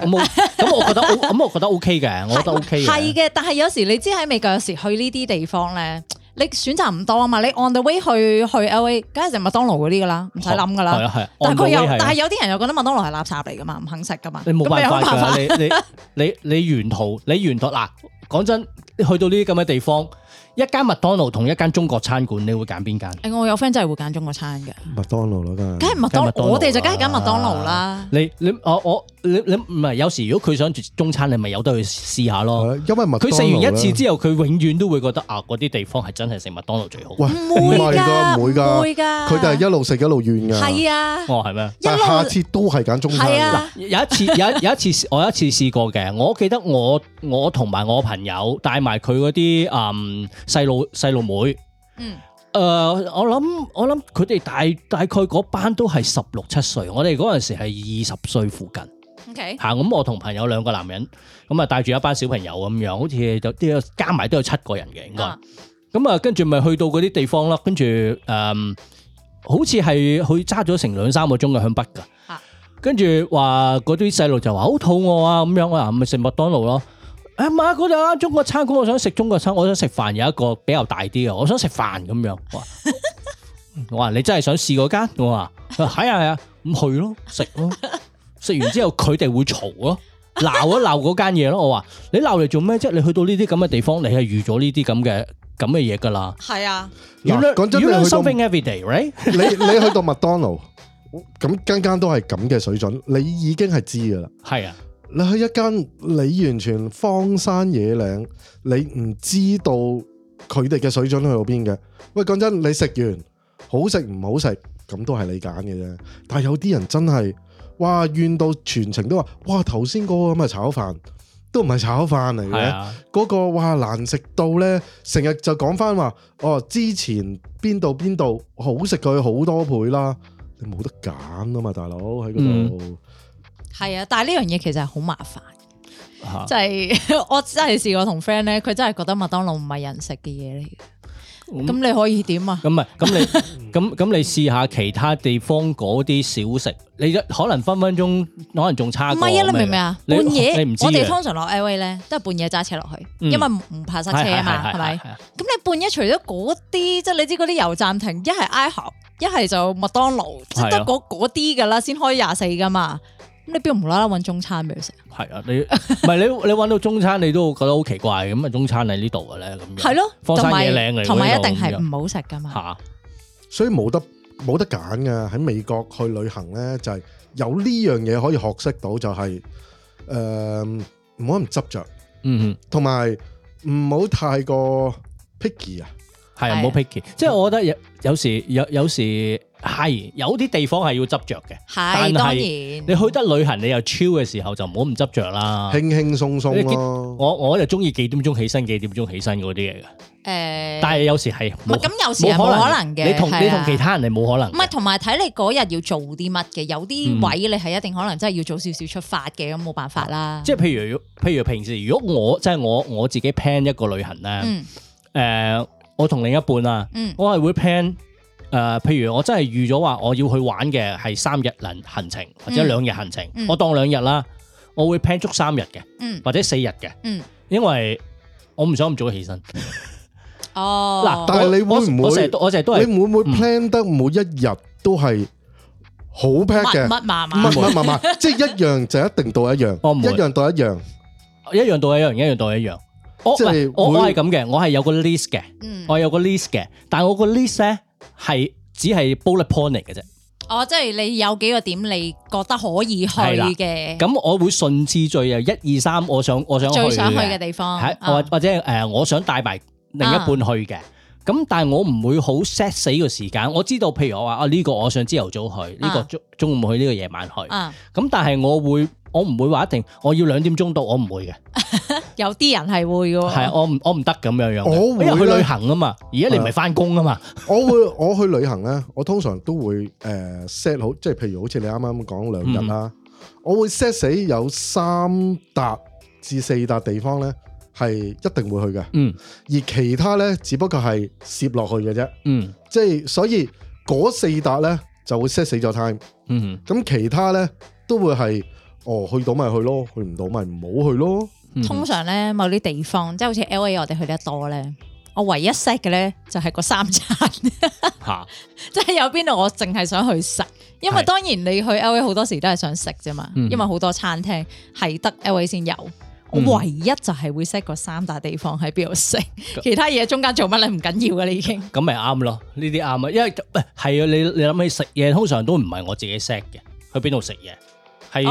咁我覺得，咁我覺得 O K 嘅，我覺得 O K 嘅。係嘅， 但係有時你知喺美國，有時去呢啲地方咧，你選擇唔多啊嘛。你 on the way 去，去 L A，梗係食麥當勞嗰啲噶啦，唔使諗噶啦。係啊，係啊。但係有 the 但係有啲人又覺得麥當勞係垃圾嚟噶嘛，唔肯食噶嘛。你冇辦法噶。你你你，沿途你沿途嗱，講真，去到呢啲咁嘅地方。一間麥當勞同一間中國餐館，你會揀邊間？誒，我有 friend 真係會揀中國餐嘅，麥當，當勞咯，梗係麥當勞。我哋就梗係揀麥當勞啦。你你我我你你唔係有時如果佢想食中餐，你咪有得去試下咯。因為佢食完一次之後，佢永遠都會覺得啊，嗰啲地方係真係食麥當勞最好。唔會㗎，唔會㗎，唔會㗎。佢哋係一路食一路怨㗎。係啊呀，哦係咩？但係下次都係揀中餐。係啊呀，有一次有有一次，有一次我有一次試過嘅，我記得我我同埋我朋友帶埋佢嗰啲嗯。細路細路妹，嗯，誒、呃，我諗我諗佢哋大大概嗰班都係十六七歲，我哋嗰陣時係二十歲附近，吓 Okay.、嗯，咁我同朋友兩個男人，咁啊帶住一班小朋友咁樣，好似有加埋都有七個人嘅，應、嗯、該，咁啊跟住咪去到嗰啲地方啦，跟住誒，好似係去揸咗成兩三個鐘嘅向北噶，跟住話嗰啲細路就話好肚餓啊，咁樣啊，咪食麥當勞咯。啊嘛嗰度啊，中國餐館，我想食中國餐，我想食飯，飯，有一個比較大啲嘅，我想食飯咁樣。我話：我話你真係想試嗰間？我話係啊係啊，咁、哎哎嗯、去咯食咯，食完之後佢哋會嘈咯，鬧一鬧嗰間嘢咯。我話你鬧嚟做咩啫？你去到呢啲咁嘅地方，你係預咗呢啲咁嘅咁嘅嘢噶啦。係啊。You learn, you learn something everyday, right? 講真你去到，你你去到麥當勞，咁間間都係咁嘅水準，你已經係知噶啦。係啊。你去一間你完全荒山野嶺，你唔知道佢哋嘅水準去到邊嘅。喂，講真，你食完好食唔好食，咁都係你揀嘅啫。但係有啲人真係，哇怨到全程都話，哇頭先嗰個咁嘅炒飯都唔係炒飯嚟嘅，嗰是、啊嗰個哇難食到呢，成日就講翻話，哦之前邊度邊度好食佢好多倍啦，你冇得揀啊嘛，大佬喺嗰度。係啊，但係呢樣嘢其實係好麻煩，即係我真係試過同 friend 咧，佢真係覺得麥當勞唔係人食嘅嘢嚟嘅。咁你可以點啊？咁咪咁你咁咁你試下其他地方嗰啲小食，你可能分分鐘可能仲差過。唔係啊？你明唔明啊？半夜，我哋通常落 L A 咧，都係半夜揸車落去，因為唔怕塞車啊嘛，係咪？咁你半夜除咗嗰啲，即係你知嗰啲油站停，一係 IHOP，一係就麥當勞，即得嗰啲噶啦，先開廿四噶嘛。你邊度無啦啦搵中餐俾佢食？係啊，你唔係你你搵到中餐，你都會覺得好奇怪嘅咁啊！中餐喺呢度嘅咧，咁係咯，荒山野嶺嚟嘅，同埋一定係唔好食噶嘛。吓，所以冇得冇得揀噶。喺美國去旅行咧，就係有呢樣嘢可以學識到，就係誒唔好咁執着，嗯嗯，同埋唔好太過 picky 啊。係啊，唔好 picky。即係我覺得有有時有有時。係有啲地方係要執着嘅，但當然，你去得旅行，你又 chill 嘅時候就唔好唔執着啦，輕輕鬆鬆，我我就中意幾點鐘起身，幾點鐘起身嗰啲嘢嘅。誒，但係有時係咁，有時係冇可能嘅。你同你同其他人係冇可能，唔係，同埋睇你嗰日要做啲乜嘅，有啲位你係一定可能真係要早少少出發嘅，咁冇辦法啦。即係譬如，譬如平時如果我即係我我自己 plan 一個旅行咧，誒，我同另一半啊，我係會 plan。誒，譬如我真係預咗話我要去玩嘅係三日行，行程或者兩日行程，我當兩日啦，我會 plan 足三日嘅，或者四日嘅，因為我唔想咁早起身。哦，嗱，但係你會唔會我成日都係你會唔會 plan 得每一日都係好 pack 嘅？乜嘛嘛唔唔唔唔，即係一樣就一定到一樣，一樣到一樣，一樣到一樣，一樣到一樣。我唔係我我係咁嘅，我係有個 list 嘅，我有個 list 嘅，但係我個 list 咧。係只係 bullet point 嚟嘅啫，哦，即係你有幾個點，你覺得可以去嘅，咁我會順次序啊，一二三我，我想我想去去最想去嘅地方，或、啊、或者誒、呃，我想帶埋另一半去嘅，咁但係我唔會好 set 死個時間，我知道，譬如我話啊呢、這個我想朝頭早去，呢、這個中中午去，呢、這個夜晚去，咁、啊、但係我會。我唔會話一定我要兩點鐘到，我唔會嘅。 有啲人係會嘅，係我唔我唔得咁樣樣。 我會去旅行啊嘛，而家你唔係返工啊嘛。我會我去旅行咧，我通常都會誒 set、呃、好，即係譬如好似你啱啱講兩日啦，嗯、哼我會 set 死有三笪至四笪地方咧係一定會去嘅。嗯，而其他咧只不過係攝落去嘅啫。嗯，即係所以嗰四笪咧就會 set 死咗 time。嗯哼，咁其他咧都會係。哦，去到咪去咯，去唔到咪唔好去咯。嗯、哼 通常咧，某啲地方即係好似 L A，我哋去得多咧。我唯一 set 嘅咧就係個三餐， 哈即係有邊度我淨係想去食。因為當然你去 L A 好多時都係想食啫嘛，因為好多餐廳係得 L A 先有。嗯、哼 我唯一就係會 set 個三大地方喺邊度食，嗯、其他嘢，中間做乜你唔緊要嘅，啊、你已經咁咪啱咯。呢啲啱啊，因為唔係啊，你你諗起食嘢通常都唔係我自己 set 嘅，去邊度食嘢。係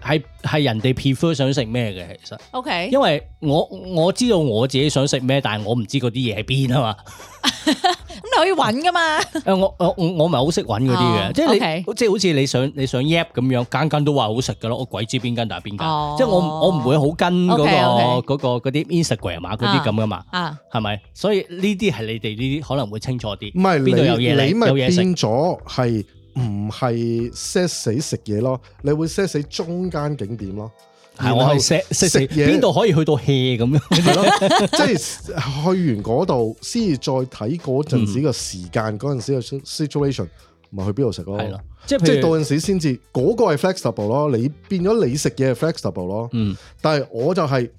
係係人哋 prefer 想食咩嘅其實，因為我我知道我自己想食咩，但係我唔知嗰啲嘢喺邊啊嘛，咁你可以揾噶嘛。誒，我我我我唔係好識揾嗰啲嘅，即係你即係好似你想你想 app 咁樣，間間都話好食噶咯，我鬼知邊間定係邊間。即係我我唔會好跟嗰個嗰個啲 Instagram 啊嗰啲咁噶嘛，係咪？所以呢啲係你哋呢啲可能會清楚啲。唔係，邊度有嘢清楚，有嘢清楚係。唔係 set 死食嘢咯，你會 set 死中間景點咯。係我係 set set 食邊度可以去到 hea 咁樣， 即係去完嗰度先至再睇嗰陣時、個時間嗰陣時個 situation，咪去邊度食咯。係咯，即係即係到陣時先至嗰個係 flexible 咯，你變咗你食嘢係 flexible 咯。嗯，但係我就係、係、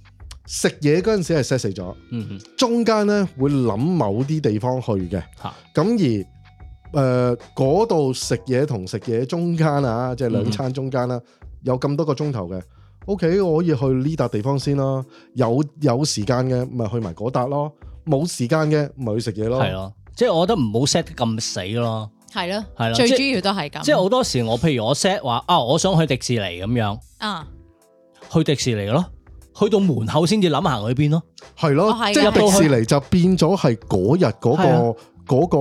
食嘢嗰陣時係 set 死咗。嗯，中間咧會諗某啲地方去嘅。嚇，咁而。誒，嗰度食嘢同食嘢中間啊，即係兩餐中間啦，嗯、有咁多個鐘頭嘅，OK，我可以去呢笪地方先咯。有有時間嘅，咪去埋嗰笪咯；冇時間嘅，咪去食嘢咯。係咯、啊，即係我覺得唔好 set 咁死咯。係咯，係咯，最主要都係咁。即係好多時我，我譬如我 set 話啊，我想去迪士尼咁樣啊，去迪士尼咯，去到門口先至諗行去邊咯。係咯、啊，即係迪士尼就變咗係嗰日嗰個。啊嗰個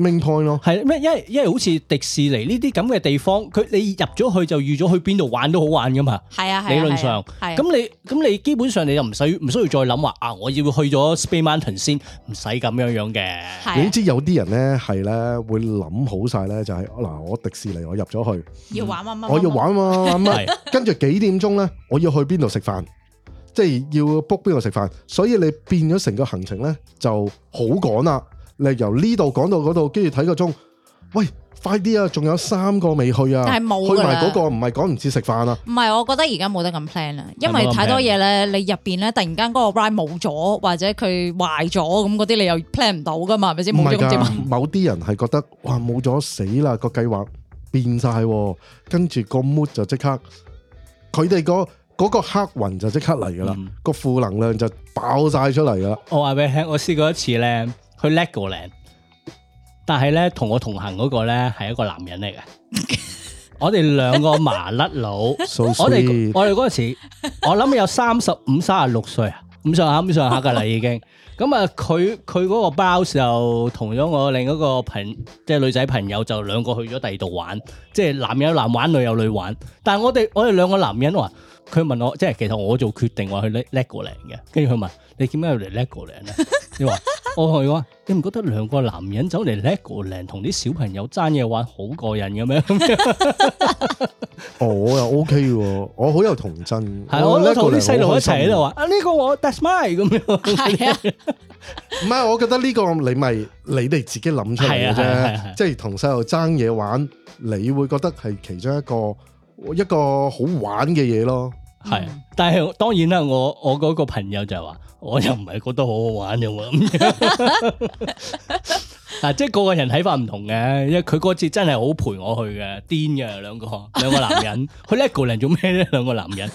main point 咯，係咩？因為因為好似迪士尼呢啲咁嘅地方，佢你入咗去就預咗去邊度玩都好玩㗎嘛。係啊的，理論上，係咁你咁你基本上你就唔使唔需要再諗話啊，我要去咗 Space Mountain 先，唔使咁樣樣嘅。總之的有啲人咧係咧會諗好晒咧，就係、是、嗱，我迪士尼我入咗去、嗯、要玩啊嘛，我要玩啊嘛 跟住幾點鐘咧，我要去邊度食飯，即係要 book 邊度食飯，所以你變咗成個行程咧就好趕啦。你由呢度講到嗰度，跟住睇個鐘，喂，快啲啊！仲有三個未去啊，冇去埋嗰個唔係講唔切食飯啊？唔係，我覺得而家冇得咁 plan 啦，因為太多嘢咧，你入邊咧突然間嗰個 ride 冇咗，或者佢壞咗咁嗰啲，你又 plan 唔到噶嘛，係咪先？冇咗某啲人係覺得哇冇咗死啦，個計劃變晒，跟住個 mood 就即刻，佢哋個嗰個黑雲就即刻嚟噶啦，個負能量就爆晒出嚟噶啦。我話俾你聽，我試過一次咧。去叻過靚，但係咧同我同行嗰個咧係一個男人嚟嘅，我哋兩個麻甩佬，我哋我哋嗰陣時，我諗有三十五、三十六歲啊，咁上下、咁上下噶啦已經，咁啊佢佢嗰個包就同咗我另一個朋，即係女仔朋友就兩個去咗第二度玩，即係男人有男玩，女有女玩，但係我哋我哋兩個男人話，佢問我即係其實我做決定話去叻叻過靚嘅，跟住佢問。你點解要嚟叻過靚咧？你話我話，你唔覺得兩個男人走嚟叻過靚，同啲小朋友爭嘢玩好過癮嘅咩？我又 OK 嘅，我好有童真。係，我都同啲細路一齊喺度話，呢個我 That's mine 咁樣。係唔係？我覺得呢個你咪你哋自己諗出嚟嘅啫。即係同細路爭嘢玩，啊啊、friends，你會覺得係其中一個一個好玩嘅嘢咯。係、啊，但係當然啦，我我嗰個朋友就話。我又唔係覺得好好玩啫喎， 即係個個人睇法唔同嘅，因為佢嗰次真係好陪我去嘅，癲嘅兩個兩個男人，去 Legoland 做咩咧？兩個男人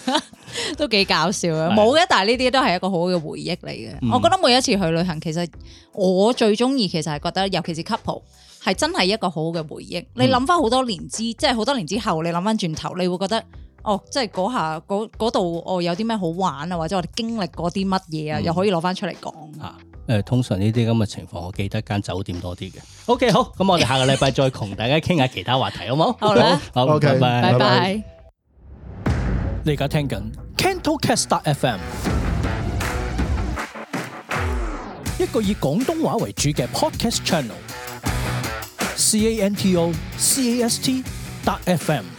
都幾搞笑咯，冇嘅的，但係呢啲都係一個好好嘅回憶嚟嘅。嗯、我覺得每一次去旅行，其實我最中意其實係覺得，尤其是 couple，係真係一個好好嘅回憶。你諗翻好多年之，嗯、即係好多年之後，你諗翻轉頭，你會覺得。哦，即係嗰下嗰度，哦有啲咩好玩啊，或者我哋經歷過啲乜嘢啊，又可以攞翻出嚟講嚇。誒、嗯啊，通常呢啲咁嘅情況，我記得間酒店多啲嘅。O、okay, K，好，咁我哋下個禮拜再同大家傾下其他話題，好唔 好？好啦，okay, 好，拜拜。你而家聽緊 Canto Cast FM，一個以廣東話為主嘅 Podcast Channel，C A N T O C A S T F M。